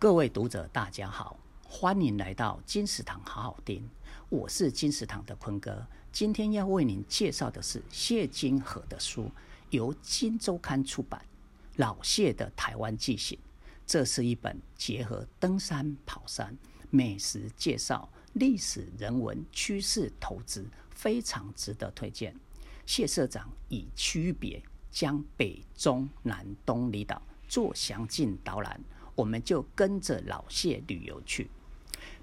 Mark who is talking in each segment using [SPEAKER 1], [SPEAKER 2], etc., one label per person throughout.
[SPEAKER 1] 各位讀者，大家好，歡迎來到金石堂好好聽。我是金石堂的坤哥。今天要為您介紹的是謝金河的書，由金週刊出版《老謝的台灣記行》。這是一本結合登山、跑山、美食介紹、歷史人文、趨勢投資，非常值得推薦。謝社長以區別將北、中南、東離島做詳盡導覽。我們就跟着老謝旅遊去，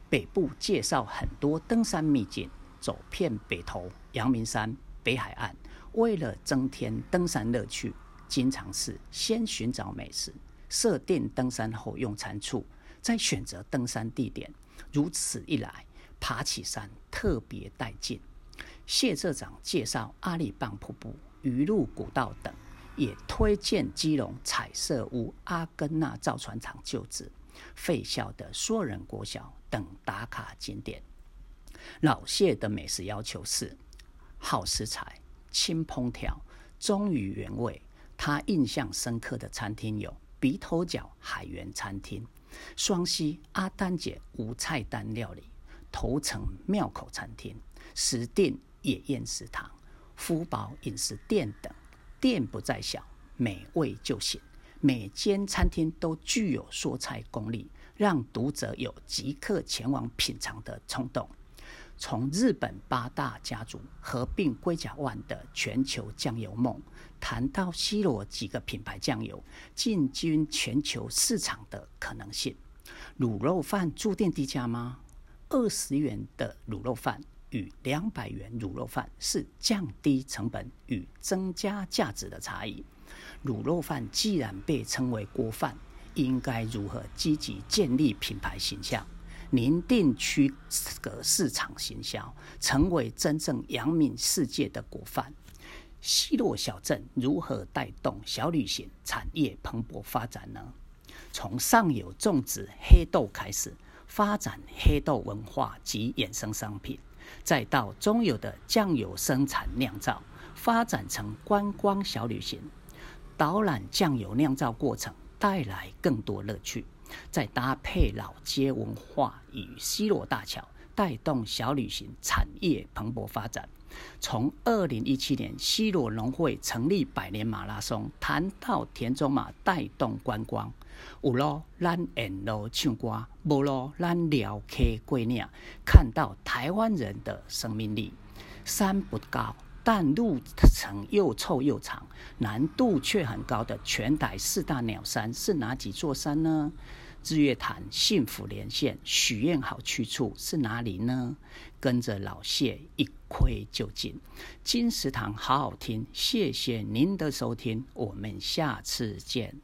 [SPEAKER 1] 北部介紹很多登山秘境，走遍北投、陽明山、北海岸。為了增添登山樂趣，經常是先尋找美食，設定登山後用餐處，再選擇登山地點。如此一來，爬起山特別帶勁。謝社長介紹阿里磅瀑布、魚路古道等。也推薦基隆彩色屋、阿根納造船廠舊址、廢校的碩仁國小等打卡景點。老謝的美食要求是：好食材、輕烹調、忠於原味。他印象深刻的餐廳有鼻頭角海原餐廳、雙溪阿丹姐無菜單料理、頭城廟口餐廳、石碇野宴食堂、福寶飲食店等。店不在小，美味就行。每間餐廳都具有說菜功力，讓讀者有即刻前往品嘗的衝動。從日本八大家族合併龜甲萬的全球醬油夢，談到西螺幾個品牌醬油進軍全球市場的可能性。滷肉飯注定低價嗎？二十元的滷肉飯。與兩百元滷肉飯是降低成本與增加價值的差異。滷肉飯既然被稱為國飯，應該如何積極建立品牌形象，凝定區隔市場形象，成為真正揚名世界的國飯？西螺小鎮如何帶動小旅行產業蓬勃發展呢？從上游種植黑豆開始，發展黑豆文化及衍生商品。再到中游的醬油生產釀造，發展成觀光小旅行，導覽醬油釀造過程，帶來更多樂趣；再搭配老街文化與西螺大橋，帶動小旅行產業蓬勃發展。從二零一七年西螺農會成立百年馬拉松，談到田中馬帶動觀光，有羅咱沿路唱歌，沒羅咱聊天過年，看到台灣人的生命力。山不高，但路程又臭又長，難度卻很高的全台四大鳥山是哪幾座山呢？日月潭幸福連線，許願好去處是哪裡呢？跟着老謝一窺究竟。金石堂好好聽，謝謝您的收聽，我們下次見。